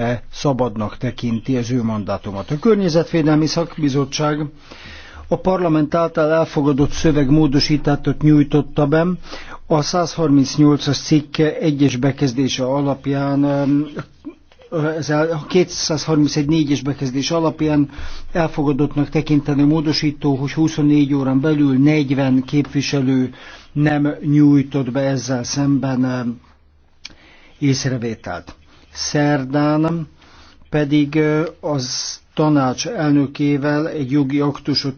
E szabadnak tekinti az ő mandátumát. A Környezetvédelmi Szakbizottság a parlament által elfogadott szöveg módosítátot nyújtotta be. A 138-as cikk egyes bekezdése alapján ez a 231.4-es bekezdés alapján elfogadottnak tekinteni a módosító, hogy 24 órán belül 40 képviselő nem nyújtott be ezzel szemben e, észrevételt. Szerdán pedig az tanács elnökével egy jogi aktusot